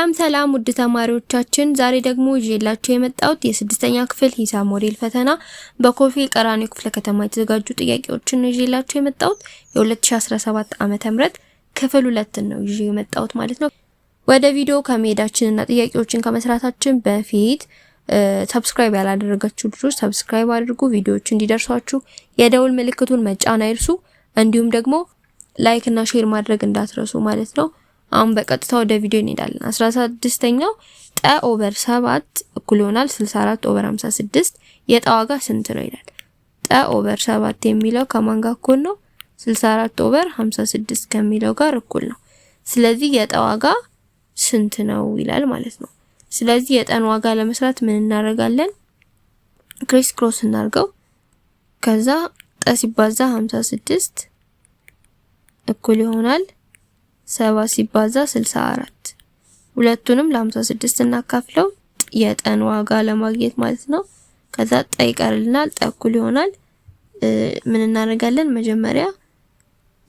ሰላም ሰላም ውድ ተማሪዎቻችን፣ ዛሬ ደግሞ ይዤላችሁ የመጣሁት የስድስተኛ ክፍል ሂሳብ ሞዴል ፈተና በኮልፌ ቀራኒዮ ክፍለ ከተማ የተዘጋጁ ጥያቄዎችን ነው ይዤላችሁ የመጣሁት የ2017 ዓመተ ምህረት ክፍል ሁለትን ነው ይዤ የመጣሁት ማለት ነው። ወደ ቪዲዮ ከመሄዳችንና ጥያቄዎችን ከመስራታችን በፊት ሰብስክራይብ ያላደረጋችሁ ልጆች ሰብስክራይብ አድርጉ፣ ቪዲዮዎች እንዲደርሷችሁ የደውል ምልክቱን መጫን አይርሱ፣ እንዲሁም ደግሞ ላይክ እና ሼር ማድረግ እንዳትረሱ ማለት ነው። አሁን በቀጥታ ወደ ቪዲዮ እንሄዳለን። 16ኛው ጠ ኦቨር 7 እኩል ይሆናል 64 ኦቨር 56 የጠ ዋጋ ስንት ነው ይላል። ጠ ኦቨር 7 የሚለው ከማን ጋር እኩል ነው? 64 ኦቨር 56 ከሚለው ጋር እኩል ነው። ስለዚህ የጠ ዋጋ ስንት ነው ይላል ማለት ነው። ስለዚህ የጠን ዋጋ ለመስራት ምን እናደርጋለን? ክሪስ ክሮስ እናርገው። ከዛ ጠ ሲባዛ 56 እኩል ይሆናል ሰባ ሲባዛ 64 ሁለቱንም ለ56 እናካፍለው የጠን ዋጋ ለማግኘት ማለት ነው። ከዛ ጠ ይቀርልናል፣ ጠ እኩል ይሆናል። ምን እናደርጋለን? መጀመሪያ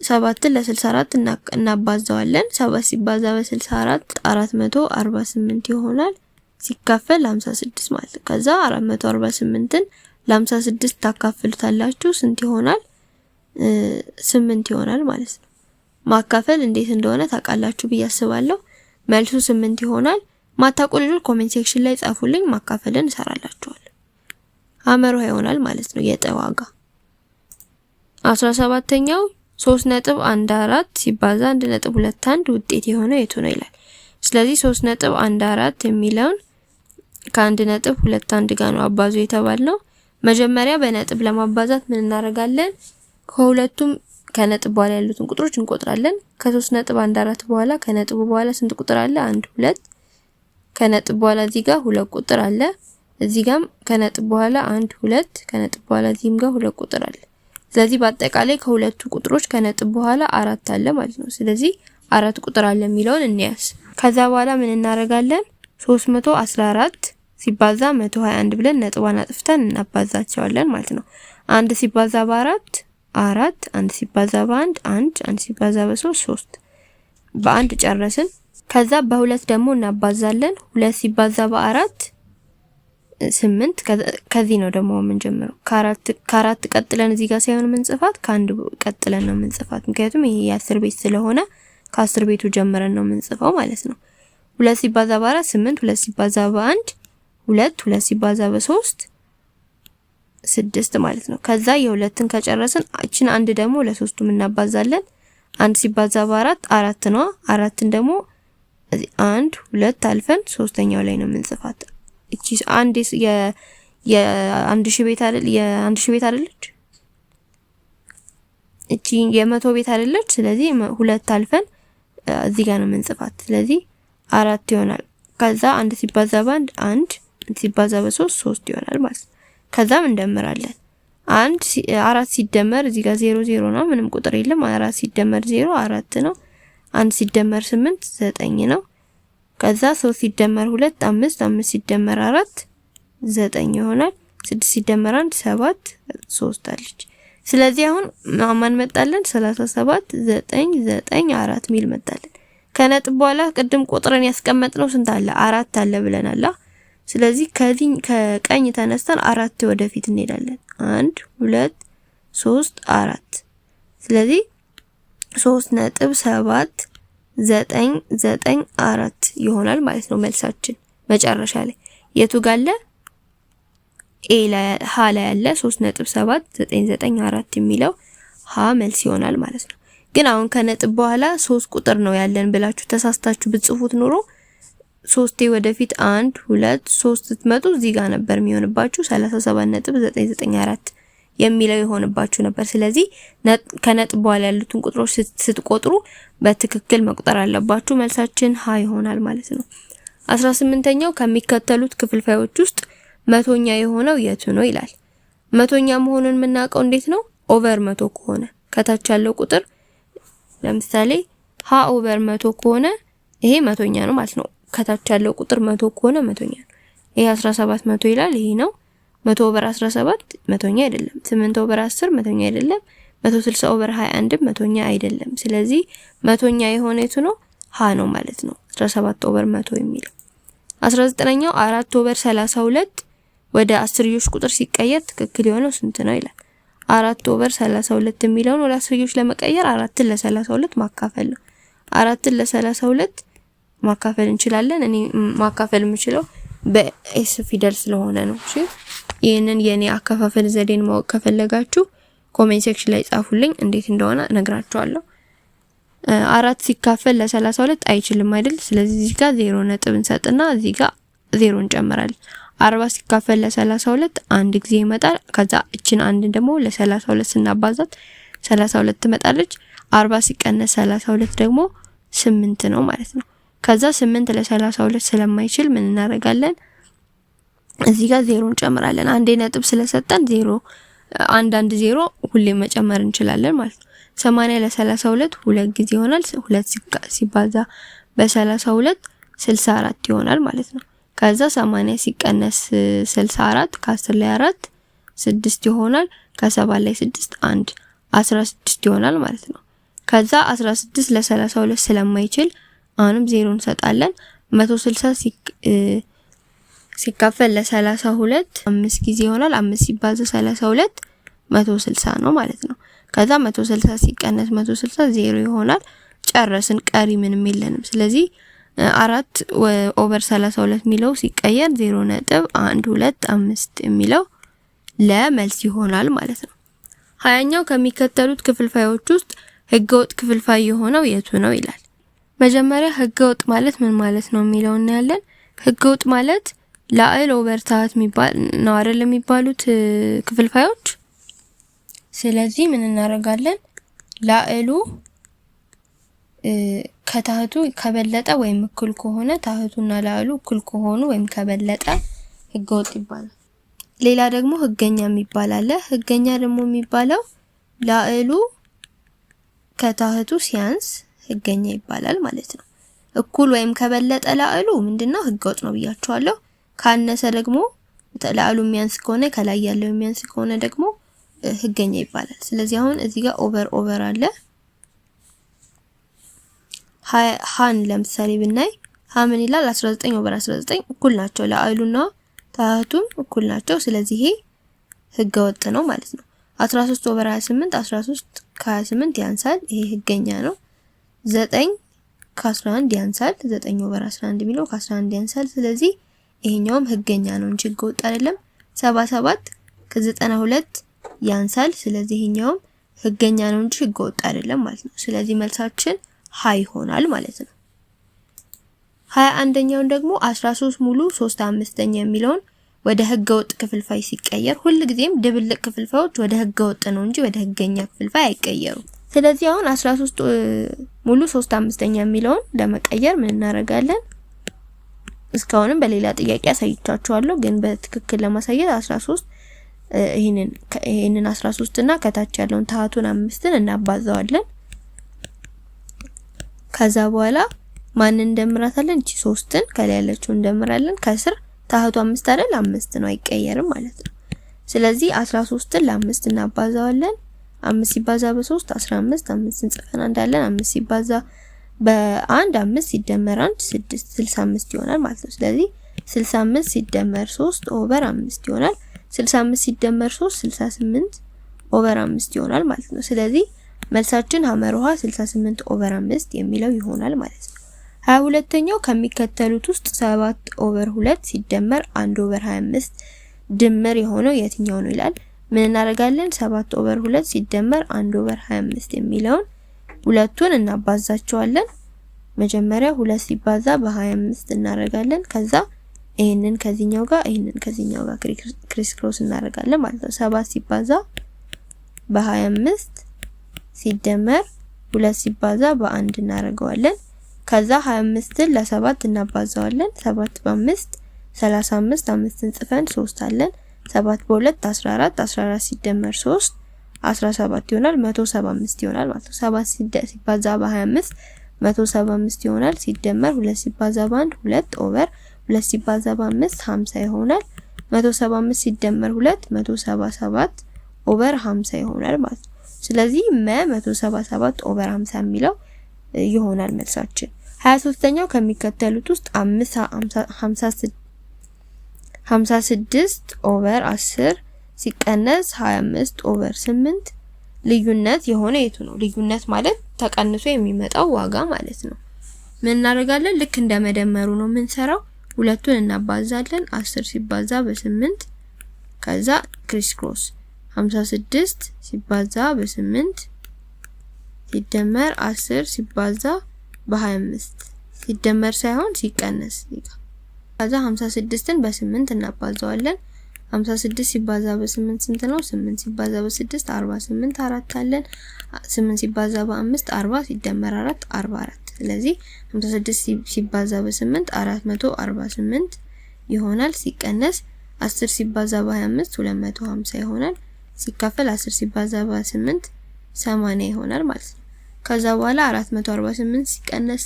ሰባትን ለ64 እናባዛዋለን። ሰባት ሲባዛ በ64 448 ይሆናል። ሲካፈል 56 ማለት ነው። ከዛ 448ን ለ56 ታካፍሉታላችሁ ስንት ይሆናል? ስምንት ይሆናል ማለት ነው። ማካፈል እንዴት እንደሆነ ታውቃላችሁ ብዬ አስባለሁ። መልሱ ስምንት ይሆናል። ማታቁ ልጆች ኮሜንት ሴክሽን ላይ ጻፉልኝ፣ ማካፈልን እሰራላችኋል። ሀመር ይሆናል ማለት ነው የጠ ዋጋ። አስራ ሰባተኛው 3 ነጥብ አንድ ሲባዛ አንድ ነጥብ 2 አንድ ውጤት የሆነው የቱ ነው ይላል። ስለዚህ ሶስት ነጥብ 1 አራት የሚለውን ከአንድ ነጥብ ሁለት አንድ ጋር ነው አባዙ የተባለው። መጀመሪያ በነጥብ ለማባዛት ምን እናደርጋለን? ከሁለቱም ከነጥብ በኋላ ያሉትን ቁጥሮች እንቆጥራለን። ከሶስት ነጥብ አንድ አራት በኋላ ከነጥቡ በኋላ ስንት ቁጥር አለ? አንድ ሁለት። ከነጥብ በኋላ እዚህ ጋር ሁለት ቁጥር አለ። እዚህ ጋም ከነጥብ በኋላ አንድ ሁለት፣ ከነጥብ በኋላ እዚህም ጋር ሁለት ቁጥር አለ። ስለዚህ በአጠቃላይ ከሁለቱ ቁጥሮች ከነጥብ በኋላ አራት አለ ማለት ነው። ስለዚህ አራት ቁጥር አለ የሚለውን እንያዝ። ከዛ በኋላ ምን እናደርጋለን? 314 ሲባዛ 121 ብለን ነጥቧን አጥፍተን እናባዛቸዋለን ማለት ነው። አንድ ሲባዛ በአራት አራት አንድ ሲባዛ በአንድ አንድ አንድ ሲባዛ በሶስት ሶስት በአንድ ጨረስን። ከዛ በሁለት ደግሞ እናባዛለን። ሁለት ሲባዛ በአራት ስምንት። ከዚህ ነው ደግሞ የምንጀምረው። ከአራት ቀጥለን እዚህ ጋር ሳይሆን ምንጽፋት ከአንድ ቀጥለን ነው ምንጽፋት። ምክንያቱም ይሄ የአስር ቤት ስለሆነ ከአስር ቤቱ ጀምረን ነው ምንጽፈው ማለት ነው። ሁለት ሲባዛ በአራት ስምንት። ሁለት ሲባዛ በአንድ ሁለት። ሁለት ሲባዛ በሶስት ስድስት ማለት ነው። ከዛ የሁለትን ከጨረስን እችን አንድ ደግሞ ለሶስቱም እናባዛለን። አንድ ሲባዛ በአራት አራት ነዋ። አራትን ደግሞ አንድ ሁለት አልፈን ሶስተኛው ላይ ነው የምንጽፋት። እቺ አንድ የ የአንድ ሺህ ቤት አይደል የአንድ ሺህ ቤት አይደለች እቺ የመቶ ቤት አይደለች። ስለዚህ ሁለት አልፈን እዚህ ጋር ነው የምንጽፋት። ስለዚህ አራት ይሆናል። ከዛ አንድ ሲባዛ በአንድ አንድ ሲባዛ በሶስት ሶስት ይሆናል ማለት ነው። ከዛም እንደምራለን። አንድ አራት ሲደመር እዚህ ጋር ዜሮ ዜሮ ነው፣ ምንም ቁጥር የለም። አራት ሲደመር ዜሮ አራት ነው። አንድ ሲደመር ስምንት ዘጠኝ ነው። ከዛ ሶስት ሲደመር ሁለት አምስት፣ አምስት ሲደመር አራት ዘጠኝ ይሆናል። ስድስት ሲደመር አንድ ሰባት፣ ሶስት አለች። ስለዚህ አሁን ማን መጣለን? 37 9 9 4 ሚል መጣለን። ከነጥብ በኋላ ቅድም ቁጥርን ያስቀመጥነው ስንት አለ? አራት አለ ብለናል። ስለዚህ ከዚህ ከቀኝ ተነስተን አራት ወደፊት እንሄዳለን። አንድ ሁለት ሶስት አራት። ስለዚህ ሶስት ነጥብ ሰባት ዘጠኝ ዘጠኝ አራት ይሆናል ማለት ነው መልሳችን መጨረሻ ላይ የቱ ጋለ ኤ ላይ ሀ ላይ ያለ ሶስት ነጥብ ሰባት ዘጠኝ ዘጠኝ አራት የሚለው ሀ መልስ ይሆናል ማለት ነው። ግን አሁን ከነጥብ በኋላ ሶስት ቁጥር ነው ያለን ብላችሁ ተሳስታችሁ ብጽፉት ኑሮ ሶስቴ ወደፊት አንድ ሁለት ሶስት ስትመጡ እዚህ ጋር ነበር የሚሆንባችሁ 37.994 የሚለው የሆንባችሁ ነበር። ስለዚህ ከነጥብ በኋላ ያሉትን ቁጥሮች ስትቆጥሩ በትክክል መቁጠር አለባችሁ። መልሳችን ሀ ይሆናል ማለት ነው። 18ኛው ከሚከተሉት ክፍልፋዮች ውስጥ መቶኛ የሆነው የቱ ነው ይላል። መቶኛ መሆኑን የምናውቀው እንዴት ነው? ኦቨር መቶ ከሆነ ከታች ያለው ቁጥር ለምሳሌ ሀ ኦቨር መቶ ከሆነ ይሄ መቶኛ ነው ማለት ነው። ከታች ያለው ቁጥር መቶ ከሆነ መቶኛ ነው። ይሄ 17 መቶ ይላል። ይሄ ነው 100 ኦቨር 17 መቶኛ አይደለም። 8 ኦቨር 10 መቶኛ አይደለም። 160 ኦቨር 21 መቶኛ አይደለም። ስለዚህ መቶኛ የሆነ የቱ ነው? ሀ ነው ማለት ነው። 17 ኦቨር 100 የሚለው 19ኛው 4 ኦቨር 32 ወደ አስርዮሽ ቁጥር ሲቀየር ትክክል የሆነው ስንት ነው ይላል። 4 ኦቨር 32 የሚለውን ወደ አስርዮሽ ለመቀየር አራትን ለ32 ማካፈል ነው። አራትን ለ32 ማካፈል እንችላለን። እኔ ማካፈል የምችለው በኤስ ፊደል ስለሆነ ነው። እሺ ይህንን የኔ አከፋፈል ዘዴን ማወቅ ከፈለጋችሁ ኮሜንት ሴክሽን ላይ ጻፉልኝ፣ እንዴት እንደሆነ ነግራችኋለሁ። አራት ሲካፈል ለሰላሳ ሁለት አይችልም አይደል? ስለዚህ እዚህ ጋር ዜሮ ነጥብ እንሰጥና እዚህ ጋር ዜሮ እንጨምራለን። አርባ ሲካፈል ለሰላሳ ሁለት አንድ ጊዜ ይመጣል። ከዛ እችን አንድ ደግሞ ለሰላሳ ሁለት ስናባዛት ሰላሳ ሁለት ትመጣለች። አርባ ሲቀነስ ሰላሳ ሁለት ደግሞ ስምንት ነው ማለት ነው። ከዛ 8 ለ32 ስለማይችል ምን እናደርጋለን? እዚህ ጋር ዜሮ እንጨምራለን። አንዴ ነጥብ ስለሰጠን ዜሮ አንድ አንድ ዜሮ ሁሌ መጨመር እንችላለን ማለት ነው። 80 ለ32 ሁለት ጊዜ ይሆናል። ሁለት ሲባዛ በ32 64 ይሆናል ማለት ነው። ከዛ 80 ሲቀነስ 64 ከ10 ላይ 4 6 ይሆናል። ከ7 ላይ 6 1 16 ይሆናል ማለት ነው። ከዛ 16 ለ32 ስለማይችል አሁንም ዜሮ እንሰጣለን። 160 ሲካፈል ለ32 አምስት ጊዜ ይሆናል። አምስት ሲባዛ 32 160 ነው ማለት ነው። ከዛ 160 ሲቀነስ 160 ዜሮ ይሆናል። ጨረስን። ቀሪ ምንም የለንም። ስለዚህ አራት ኦቨር 32 የሚለው ሲቀየር 0 ነጥብ 1 2 5 የሚለው ለመልስ ይሆናል ማለት ነው። ሀያኛው ከሚከተሉት ክፍልፋዮች ውስጥ ህገወጥ ክፍልፋይ የሆነው የቱ ነው ይላል። መጀመሪያ ህገ ወጥ ማለት ምን ማለት ነው የሚለው እናያለን። ህገ ወጥ ማለት ላዕል ኦቨርታት የሚባል ነው አይደል የሚባሉት ክፍልፋዮች። ስለዚህ ምን እናደርጋለን? ላዕሉ ከታህቱ ከበለጠ ወይም እኩል ከሆነ ታህቱና ላዕሉ እኩል ከሆኑ ወይም ከበለጠ ህገ ወጥ ይባላል። ሌላ ደግሞ ህገኛ የሚባል አለ። ህገኛ ደግሞ የሚባለው ላዕሉ ከታህቱ ሲያንስ ህገኛ ይባላል ማለት ነው። እኩል ወይም ከበለጠ ላዕሉ ምንድነው ህገ ወጥ ነው ብያቸዋለሁ። ካነሰ ደግሞ ላዕሉ የሚያንስ ከሆነ ከላይ ያለው የሚያንስ ከሆነ ደግሞ ህገኛ ይባላል። ስለዚህ አሁን እዚህ ጋር ኦቨር ኦቨር አለ። ሃን ለምሳሌ ብናይ ሀ ምን ይላል? 19 ኦቨር 19 እኩል ናቸው። ላዕሉና ታህቱም እኩል ናቸው። ስለዚህ ይሄ ህገ ወጥ ነው ማለት ነው። 13 ኦቨር 28 13 ከ28 ያንሳል። ይሄ ህገኛ ነው። ዘጠኝ ከ11 ያንሳል። ዘጠኝ ኦቨር 11 የሚለው ከ11 ያንሳል። ስለዚህ ይሄኛውም ህገኛ ነው እንጂ ህገወጥ አይደለም። 77 ከ92 ያንሳል። ስለዚህ ይሄኛውም ህገኛ ነው እንጂ ህገወጥ አይደለም ማለት ነው። ስለዚህ መልሳችን ሀ ይሆናል ማለት ነው። ሀያ አንደኛውን ደግሞ 13 ሙሉ 3 አምስተኛ የሚለውን ወደ ህገ ወጥ ክፍልፋይ ሲቀየር ሁልጊዜም ድብልቅ ክፍልፋዮች ወደ ህገ ወጥ ነው እንጂ ወደ ህገኛ ክፍልፋይ አይቀየሩም። ስለዚህ አሁን 13 ሙሉ 3 አምስተኛ የሚለውን ለመቀየር ምን እናደርጋለን? እስካሁንም በሌላ ጥያቄ አሳይቻችኋለሁ፣ ግን በትክክል ለማሳየት 13 ይሄንን ይሄንን 13 እና ከታች ያለውን ታህቱን አምስትን እናባዛዋለን። ከዛ በኋላ ማንን እንደምራታለን? እቺ 3ን ከላይ ያለችው እንደምራለን። ከስር ታህቱ አምስት አይደል? አምስት ነው አይቀየርም ማለት ነው። ስለዚህ 13ን ለአምስት እናባዛዋለን። አምስት ሲባዛ በሶስት አስራ አምስት አምስት እንጽፈን እንዳለን አምስት ሲባዛ በአንድ አምስት ሲደመር አንድ ስድስት ስልሳ አምስት ይሆናል ማለት ነው። ስለዚህ ስልሳ አምስት ሲደመር ሶስት ኦቨር አምስት ይሆናል። ስልሳ አምስት ሲደመር ሶስት ስልሳ ስምንት ኦቨር አምስት ይሆናል ማለት ነው። ስለዚህ መልሳችን ሀመር ውሃ 68 ኦቨር 5 የሚለው ይሆናል ማለት ነው። ሁለተኛው ከሚከተሉት ውስጥ 7 ኦቨር 2 ሲደመር 1 ኦቨር 25 ድምር የሆነው የትኛው ነው ይላል። ምን እናደርጋለን? 7 ኦቨር 2 ሲደመር 1 ኦቨር 25 የሚለውን ሁለቱን እናባዛቸዋለን። መጀመሪያ 2 ሲባዛ በ25 እናደርጋለን። ከዛ ይሄንን ከዚህኛው ጋር ይሄንን ከዚህኛው ጋር ክሪስ ክሮስ እናደርጋለን ማለት ነው። 7 ሲባዛ በ25 ሲደመር 2 ሲባዛ በ1 እናደርገዋለን። ከዛ 25ን 7 እናባዛዋለን። 7 በ5 35 አምስትን ጽፈን 3 አለን 7 በ2 14 14 ሲደመር 3 17 ይሆናል 175 ይሆናል ማለት ነው። 7 ሲባዛ በ25 175 ይሆናል ሲደመር 2 ሲባዛ በ1 2 ኦቨር 2 ሲባዛ በ5 50 ይሆናል 175 ሲደመር 2 177 ኦቨር 50 ይሆናል ማለት ነው። ስለዚህ መ 177 ኦቨር 50 የሚለው ይሆናል መልሳችን። 23ኛው ከሚከተሉት ውስጥ 5 56 56 ኦቨር 10 ሲቀነስ 25 ኦቨር 8 ልዩነት የሆነ የቱ ነው? ልዩነት ማለት ተቀንሶ የሚመጣው ዋጋ ማለት ነው። ምን እናደርጋለን? ልክ እንደ መደመሩ ነው የምንሰራው። ሁለቱን እናባዛለን። 10 ሲባዛ በ8 ከዛ ክሪስ ክሮስ 56 ሲባዛ በ8 ሲደመር 10 ሲባዛ በ25 ሲደመር ሳይሆን ሲቀነስ ከዛ 56ን በስምንት እናባዛዋለን። 56 ሲባዛ በ8 ስንት ነው? 8 ሲባዛ በ6 48 አራት አለን። 8 ሲባዛ በ5 40 ሲደመር 4 44። ስለዚህ 56 ሲባዛ በ8 448 ይሆናል። ሲቀነስ 10 ሲባዛ በ25 250 ይሆናል። ሲካፈል 10 ሲባዛ በ8 80 ይሆናል ማለት ነው። ከዛ በኋላ 448 ሲቀነስ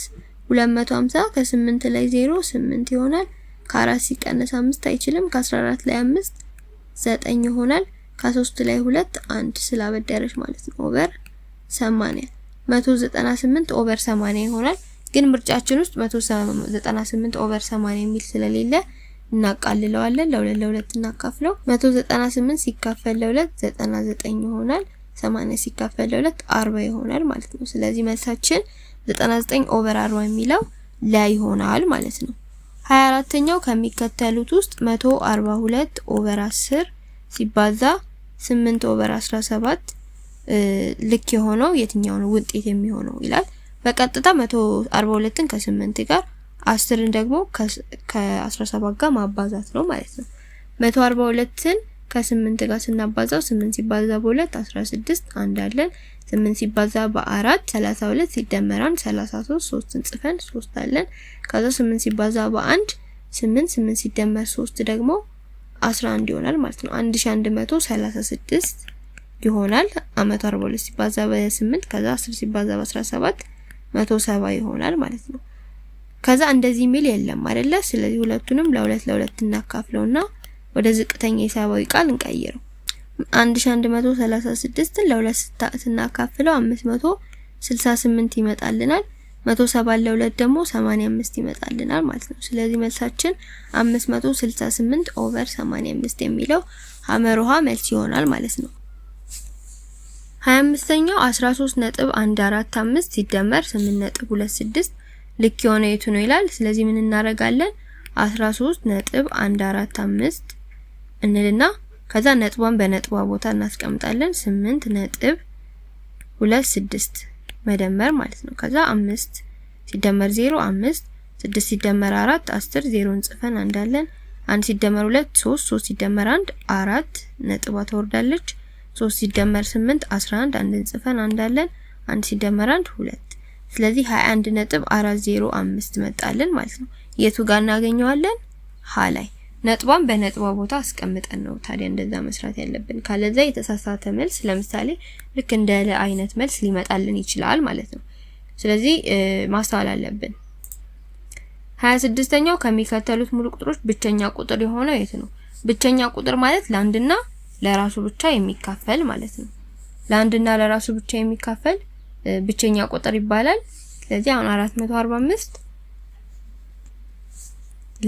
250 ከ8 ላይ 0 8 ይሆናል። ከአራት ሲቀነስ አምስት አይችልም። ከ14 ላይ አምስት ዘጠኝ ይሆናል። ከሶስት ላይ ሁለት አንድ ስላበደረች ማለት ነው። ኦቨር 80 198 ኦቨር 80 ይሆናል። ግን ምርጫችን ውስጥ 198 ኦቨር 80 የሚል ስለሌለ እናቃልለዋለን። ለሁለት ለሁለት እናካፍለው። 198 ሲካፈል ለሁለት 99 ይሆናል። 80 ሲካፈል ለሁለት 40 ይሆናል ማለት ነው። ስለዚህ መልሳችን 99 ኦቨር 40 የሚለው ላይ ይሆናል ማለት ነው። 24ኛው ከሚከተሉት ውስጥ 142 ኦቨር 10 ሲባዛ 8 ኦቨር 17 ልክ የሆነው የትኛው ነው ውጤት የሚሆነው ይላል። በቀጥታ 142ን ከ8 ጋር 10ን ደግሞ ከ17 ጋር ማባዛት ነው ማለት ነው። 142ን ከ8 ጋር ስናባዛው 8 ሲባዛ በ2 16 አንድ አለን። ስምንት ሲባዛ በአራት ሰላሳ ሁለት ሲደመር 3 ሰላሳ ሶስት ሶስትን ጽፈን ሶስት አለን። ከዛ ስምንት ሲባዛ በአንድ ስምንት ስምንት ሲደመር ሶስት ደግሞ አስራ አንድ ይሆናል ማለት ነው። አንድ ሺ አንድ መቶ ሰላሳ ስድስት ይሆናል። አመቱ አርባ ሁለት ሲባዛ በስምንት ከዛ አስር ሲባዛ በአስራ ሰባት መቶ ሰባ ይሆናል ማለት ነው። ከዛ እንደዚህ ሚል የለም አይደለ? ስለዚህ ሁለቱንም ለሁለት ለሁለት እናካፍለውና ወደ ዝቅተኛ ሂሳባዊ ቃል እንቀይረው። 1136ን ለሁለት ስናካፍለው 568 ይመጣልናል። 170 2 ደግሞ 85 ይመጣልናል ማለት ነው። ስለዚህ መልሳችን 568 ኦቨር 85 የሚለው ሀመሮሃ መልስ ይሆናል ማለት ነው። 25ኛው 13 ነጥብ 5 ሲደመር 8 ነጥብ 26 ልክ የሆነ የቱ ነው ይላል። ስለዚህ ምን እናደርጋለን? 13 ነጥብ 145 እንልና ከዛ ነጥቧን በነጥቧ ቦታ እናስቀምጣለን። ስምንት ነጥብ ሁለት ስድስት መደመር ማለት ነው። ከዛ አምስት ሲደመር ዜሮ አምስት፣ ስድስት ሲደመር አራት አስር፣ ዜሮን ጽፈን አንዳለን። አንድ ሲደመር ሁለት ሶስት፣ ሶስት ሲደመር አንድ አራት፣ ነጥቧ ተወርዳለች። ሶስት ሲደመር ስምንት አስራ አንድ፣ አንድን ጽፈን አንዳለን። አንድ ሲደመር አንድ ሁለት። ስለዚህ 21 ነጥብ አራት ዜሮ አምስት መጣልን ማለት ነው። የቱ ጋር እናገኘዋለን? ሀ ላይ ነጥቧን በነጥቧ ቦታ አስቀምጠን ነው ታዲያ እንደዛ መስራት ያለብን። ካለዛ የተሳሳተ መልስ ለምሳሌ ልክ እንደ ለ አይነት መልስ ሊመጣልን ይችላል ማለት ነው። ስለዚህ ማስተዋል አለብን። ሀያ ስድስተኛው ከሚከተሉት ሙሉ ቁጥሮች ብቸኛ ቁጥር የሆነው የት ነው? ብቸኛ ቁጥር ማለት ለአንድና ለራሱ ብቻ የሚካፈል ማለት ነው። ለአንድና ለራሱ ብቻ የሚካፈል ብቸኛ ቁጥር ይባላል። ስለዚህ አሁን 445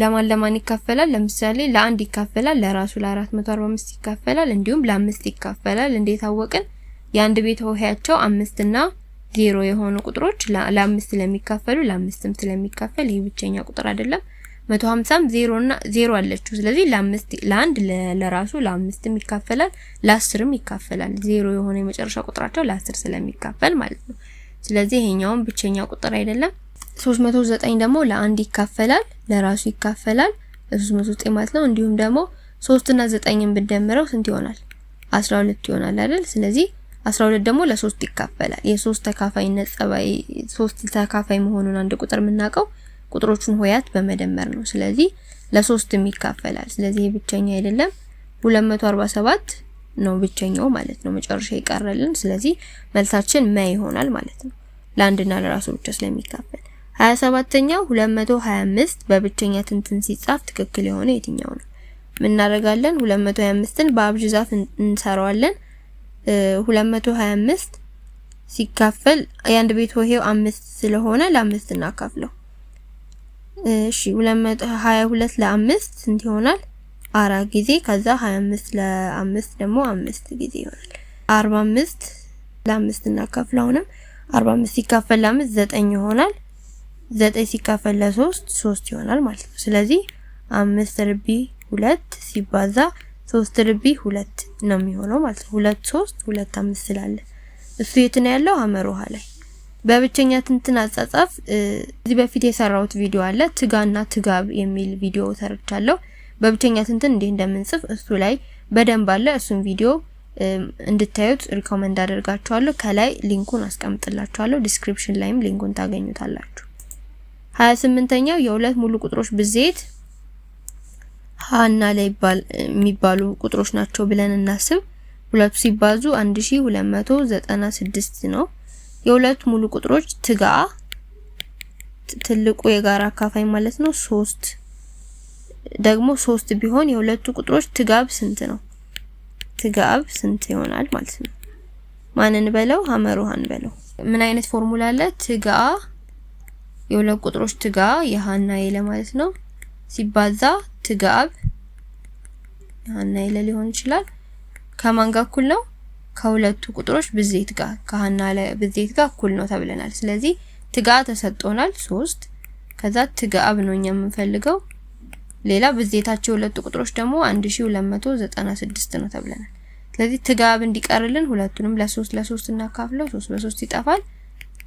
ለማን ለማን ይካፈላል? ለምሳሌ ለአንድ ይካፈላል፣ ለራሱ ለ445 ይካፈላል፣ እንዲሁም ለአምስት ይካፈላል። እንዴት አወቅን? የአንድ ቤት ሆሄያቸው አምስት እና ዜሮ የሆኑ ቁጥሮች ለአምስት ስለሚካፈሉ ለአምስትም ስለሚካፈል ይህ ብቸኛ ቁጥር አይደለም። 150ም ዜሮ እና ዜሮ አለችው። ስለዚህ ለአምስት ለአንድ ለራሱ ለአምስትም ይካፈላል፣ ለአስርም ይካፈላል። ዜሮ የሆነ የመጨረሻ ቁጥራቸው ለአስር ስለሚካፈል ማለት ነው። ስለዚህ ይሄኛውን ብቸኛ ቁጥር አይደለም። 309 ደግሞ ለአንድ ይካፈላል፣ ለራሱ ይካፈላል 309 ማለት ነው። እንዲሁም ደግሞ 3 እና 9ን ብትደምረው ስንት ይሆናል? 12 ይሆናል አይደል? ስለዚህ 12 ደግሞ ለ3 ይካፈላል። የሶስት ተካፋይነት ጸባይ ሶስት ተካፋይ መሆኑን አንድ ቁጥር የምናውቀው ቁጥሮቹን ሆያት በመደመር ነው። ስለዚህ ለሶስትም ይካፈላል። ስለዚህ ብቸኛ አይደለም። 247 ነው ብቸኛው ማለት ነው። መጨረሻ ይቀረልን። ስለዚህ መልሳችን መ ይሆናል ማለት ነው። ለአንድና ለራሱ ብቻ ስለሚካፈል 27ኛው 225 በብቸኛ ትንትን ሲጻፍ ትክክል የሆነ የትኛው ነው? ምን እናደርጋለን? 225ን በአብዥ ዛፍ እንሰራዋለን። 225 ሲካፈል የአንድ ቤት ሆሄው አምስት ስለሆነ ለአምስት እናካፍለው። እሺ 222 ለአምስት ስንት ይሆናል? አራት ጊዜ ከዛ 25 ለአምስት ደግሞ አምስት ጊዜ ይሆናል። 45 ለአምስት እናካፍለው። አሁንም 45 ሲካፈል ለአምስት ዘጠኝ ይሆናል። ዘጠኝ ሲካፈል ለሶስት ሶስት ይሆናል ማለት ነው። ስለዚህ አምስት ርቢ ሁለት ሲባዛ ሶስት ርቢ ሁለት ነው የሚሆነው ማለት ነው። ሁለት ሶስት ሁለት አምስት ስላለ እሱ የት ነው ያለው? አመር ውሃ ላይ በብቸኛ ትንትን አጻጻፍ እዚህ በፊት የሰራሁት ቪዲዮ አለ። ትጋና ትጋብ የሚል ቪዲዮ ሰርቻለሁ። በብቸኛ ትንትን እንዴት እንደምንጽፍ እሱ ላይ በደንብ አለ። እሱን ቪዲዮ እንድታዩት ሪኮመንድ አደርጋችኋለሁ። ከላይ ሊንኩን አስቀምጥላችኋለሁ። ዲስክሪፕሽን ላይም ሊንኩን ታገኙታላችሁ። 28ኛው የሁለት ሙሉ ቁጥሮች ብዜት ሀ እና ለ የሚባሉ ቁጥሮች ናቸው ብለን እናስብ። ሁለቱ ሲባዙ 1296 ነው። የሁለት ሙሉ ቁጥሮች ትጋ ትልቁ የጋራ አካፋይ ማለት ነው። ሶስት ደግሞ ሶስት ቢሆን የሁለቱ ቁጥሮች ትጋብ ስንት ነው? ትጋብ ስንት ይሆናል ማለት ነው። ማንን በለው ሀመሩሃን በለው። ምን አይነት ፎርሙላ አለ? ትጋ የሁለት ቁጥሮች ትጋ የሀና የለ ማለት ነው ሲባዛ ትጋብ ሃና የሀና የለ ሊሆን ይችላል። ከማን ጋር እኩል ነው? ከሁለቱ ቁጥሮች ብዜት ጋር ከሀና ለ ብዜት ጋር እኩል ነው ተብለናል። ስለዚህ ትጋ ተሰጥቶናል ሶስት ከዛ ትጋብ ነው እኛ የምንፈልገው። ሌላ ብዜታቸው ሁለቱ ቁጥሮች ደግሞ 1296 ነው ተብለናል። ስለዚህ ትጋብ እንዲቀርልን ሁለቱንም ለሶስት ለሶስት እናካፍለው። ሶስት በሶስት ይጠፋል።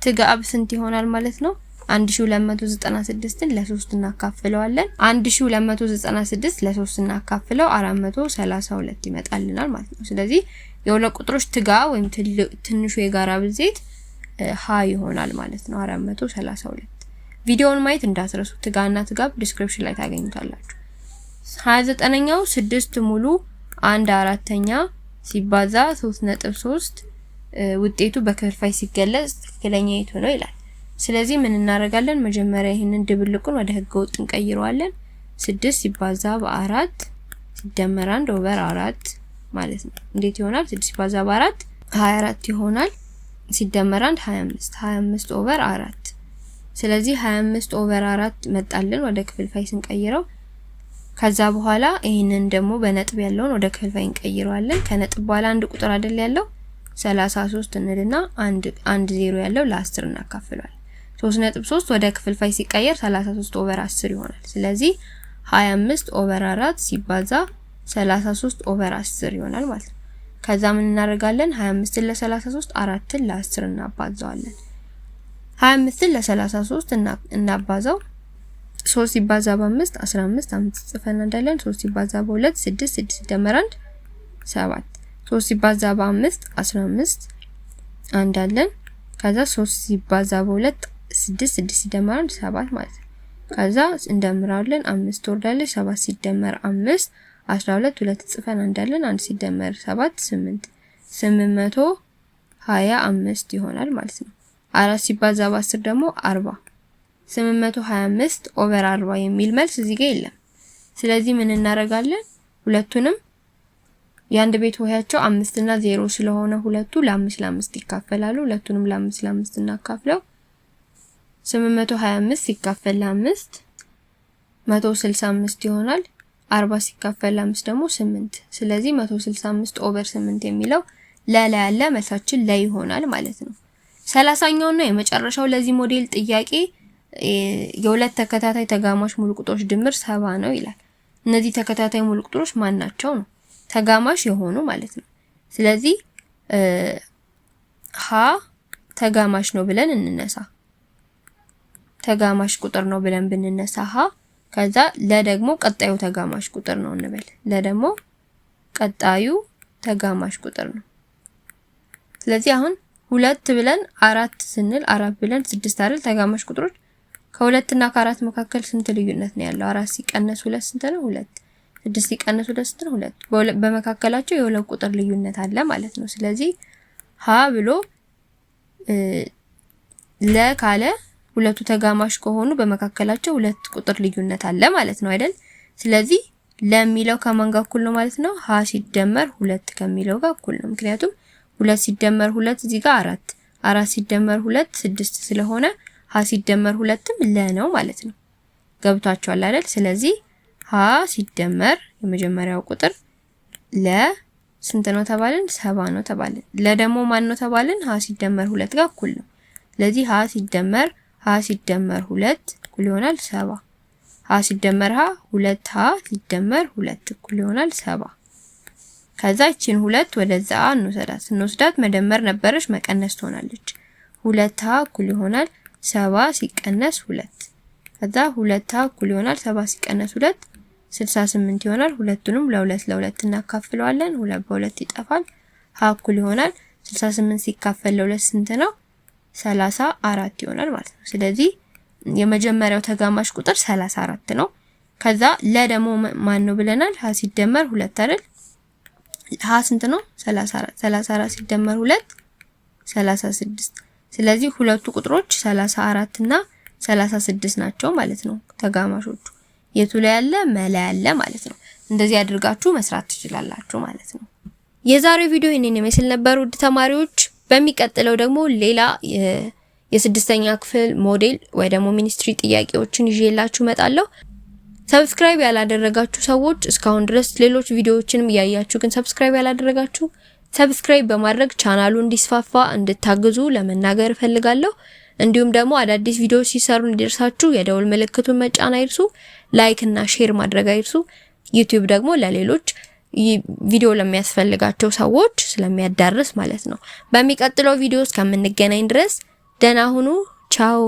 ትጋብ ስንት ይሆናል ማለት ነው? 1296ን ለ3 እናካፍለዋለን። 1296 ለ3 እናካፍለው 432 ይመጣልናል ማለት ነው። ስለዚህ የሁለት ቁጥሮች ትጋ ወይም ትንሹ የጋራ ብዜት ሀ ይሆናል ማለት ነው 432። ቪዲዮውን ማየት እንዳትረሱ። እና ትጋ ዲስክሪፕሽን ላይ ታገኙታላችሁ። 29ኛው 6 ሙሉ 1 አራተኛ ሲባዛ 3.3 ውጤቱ በክፍልፋይ ሲገለጽ ትክክለኛ የቱ ነው ይላል። ስለዚህ ምን እናደርጋለን? መጀመሪያ ይህንን ድብልቁን ወደ ህገ ወጥ እንቀይረዋለን። ስድስት ሲባዛ በአራት ሲደመር አንድ ኦቨር አራት ማለት ነው። እንዴት ይሆናል? ስድስት ሲባዛ በአራት 24 ይሆናል። ሲደመር አንድ 25 25 ኦቨር አራት ስለዚህ 25 ኦቨር አራት መጣልን ወደ ክፍልፋይ ስንቀይረው። ከዛ በኋላ ይህንን ደግሞ በነጥብ ያለውን ወደ ክፍልፋይ እንቀይረዋለን። ከነጥብ በኋላ አንድ ቁጥር አይደል ያለው 33 እንልና አንድ አንድ ዜሮ ያለው ለአስር እናካፍሏል። 3.3 ወደ ክፍልፋይ ሲቀየር 33 ኦቨር 10 ይሆናል። ስለዚህ 25 ኦቨር 4 ሲባዛ 33 ኦቨር 10 ይሆናል ማለት ነው። ከዛ ምን እናደርጋለን? 25ን ለ33 አራትን ለ10 እናባዛዋለን። 25ን ለ33 እናባዛው 3 ሲባዛ በ5 15 አምስት ጽፈን እንዳለን 3 ሲባዛ በ2 6 6 ሲደመር 1 7 3 ሲባዛ በ5 15 አንዳለን ከዛ 3 ሲባዛ በ2 ስድስት ስድስት ሲደመር ሰባት ማለት ነው። ከዛ እንደምራለን አምስት ትወርዳለች። ሰባት ሲደመር አምስት 12 ሁለት ጽፈን አንዳለን አንድ ሲደመር ሰባት ስምንት ስምንት መቶ ይሆናል ማለት ነው። አራት ሲባዛ በአስር ደግሞ አርባ 825 ኦቨር አርባ የሚል መልስ እዚህ ጋር የለም። ስለዚህ ምን እናደርጋለን? ሁለቱንም የአንድ ቤት ሆሄያቸው አምስት እና ዜሮ ስለሆነ ሁለቱ ለአምስት ለአምስት ይካፈላሉ። ሁለቱንም ለአምስት ለአምስት እናካፍለው 825 ሲካፈል ለ5 165 ይሆናል። 40 ሲካፈል ለ5 ደግሞ 8። ስለዚህ 165 ኦቨር 8 የሚለው ለላ ያለ መልሳችን ላይ ይሆናል ማለት ነው። ሰላሳኛውና የመጨረሻው ለዚህ ሞዴል ጥያቄ የሁለት ተከታታይ ተጋማሽ ሙሉ ቁጥሮች ድምር ሰባ ነው ይላል። እነዚህ ተከታታይ ሙሉ ቁጥሮች ማን ናቸው ነው? ተጋማሽ የሆኑ ማለት ነው። ስለዚህ ሀ ተጋማሽ ነው ብለን እንነሳ። ተጋማሽ ቁጥር ነው ብለን ብንነሳ ሀ፣ ከዛ ለ ደግሞ ቀጣዩ ተጋማሽ ቁጥር ነው እንበል። ለ ደግሞ ቀጣዩ ተጋማሽ ቁጥር ነው። ስለዚህ አሁን ሁለት ብለን አራት ስንል አራት ብለን ስድስት አይደል? ተጋማሽ ቁጥሮች ከሁለት እና ከአራት መካከል ስንት ልዩነት ነው ያለው? አራት ሲቀነስ ሁለት ስንት ነው? ሁለት። ስድስት ሲቀነስ ሁለት ስንት ነው? ሁለት። በመካከላቸው የሁለት ቁጥር ልዩነት አለ ማለት ነው። ስለዚህ ሀ ብሎ ለ ካለ ሁለቱ ተጋማሽ ከሆኑ በመካከላቸው ሁለት ቁጥር ልዩነት አለ ማለት ነው አይደል? ስለዚህ ለሚለው ከማን ጋር እኩል ነው ማለት ነው? ሀ ሲደመር ሁለት ከሚለው ጋር እኩል ነው። ምክንያቱም ሁለት ሲደመር ሁለት እዚህ ጋር አራት፣ አራት ሲደመር ሁለት ስድስት ስለሆነ ሀ ሲደመር ሁለትም ለ ነው ማለት ነው። ገብቷቸዋል አይደል? ስለዚህ ሀ ሲደመር የመጀመሪያው ቁጥር ለ ስንት ነው ተባልን? ሰባ ነው ተባልን። ለደግሞ ማን ነው ተባልን? ሀ ሲደመር ሁለት ጋር እኩል ነው። ስለዚህ ሀ ሲደመር ሀ ሲደመር ሁለት እኩል ይሆናል ሰባ ሀ ሲደመር ሀ ሁለት ሀ ሲደመር ሁለት እኩል ይሆናል ሰባ ከዛ ይችን ሁለት ወደዛ እንወስዳት እንወስዳት መደመር ነበረች መቀነስ ትሆናለች። ሁለት ሀ እኩል ይሆናል ሰባ ሲቀነስ ሁለት ከዛ ሁለት ሀ እኩል ይሆናል ሰባ ሲቀነስ ሁለት ስልሳ ስምንት ይሆናል። ሁለቱንም ለሁለት ለሁለት እናካፍለዋለን። ሁለት በሁለት ይጠፋል። ሀ እኩል ይሆናል ስልሳ ስምንት ሲካፈል ለሁለት ስንት ነው? ሰላሳ አራት ይሆናል ማለት ነው። ስለዚህ የመጀመሪያው ተጋማሽ ቁጥር ሰላሳ አራት ነው። ከዛ ለ ደግሞ ማን ነው ብለናል? ሀ ሲደመር ሁለት አይደል? ሀ ስንት ነው? ሰላሳ አራት ሰላሳ አራት ሲደመር ሁለት ሰላሳ ስድስት ስለዚህ ሁለቱ ቁጥሮች ሰላሳ አራት እና ሰላሳ ስድስት ናቸው ማለት ነው ተጋማሾቹ። የቱ ላይ ያለ መላ ያለ ማለት ነው። እንደዚህ አድርጋችሁ መስራት ትችላላችሁ ማለት ነው። የዛሬው ቪዲዮ ይህንን ይመስል ነበር ውድ ተማሪዎች። በሚቀጥለው ደግሞ ሌላ የስድስተኛ ክፍል ሞዴል ወይ ደግሞ ሚኒስትሪ ጥያቄዎችን ይዤላችሁ እመጣለሁ። ሰብስክራይብ ያላደረጋችሁ ሰዎች እስካሁን ድረስ ሌሎች ቪዲዮዎችንም እያያችሁ ግን ሰብስክራይብ ያላደረጋችሁ ሰብስክራይብ በማድረግ ቻናሉ እንዲስፋፋ እንድታግዙ ለመናገር እፈልጋለሁ። እንዲሁም ደግሞ አዳዲስ ቪዲዮዎች ሲሰሩ እንዲደርሳችሁ የደውል ምልክቱን መጫን አይርሱ። ላይክ እና ሼር ማድረግ አይርሱ። ዩቲዩብ ደግሞ ለሌሎች ቪዲዮ ለሚያስፈልጋቸው ሰዎች ስለሚያዳርስ ማለት ነው። በሚቀጥለው ቪዲዮ እስከምንገናኝ ድረስ ደህና ሁኑ። ቻው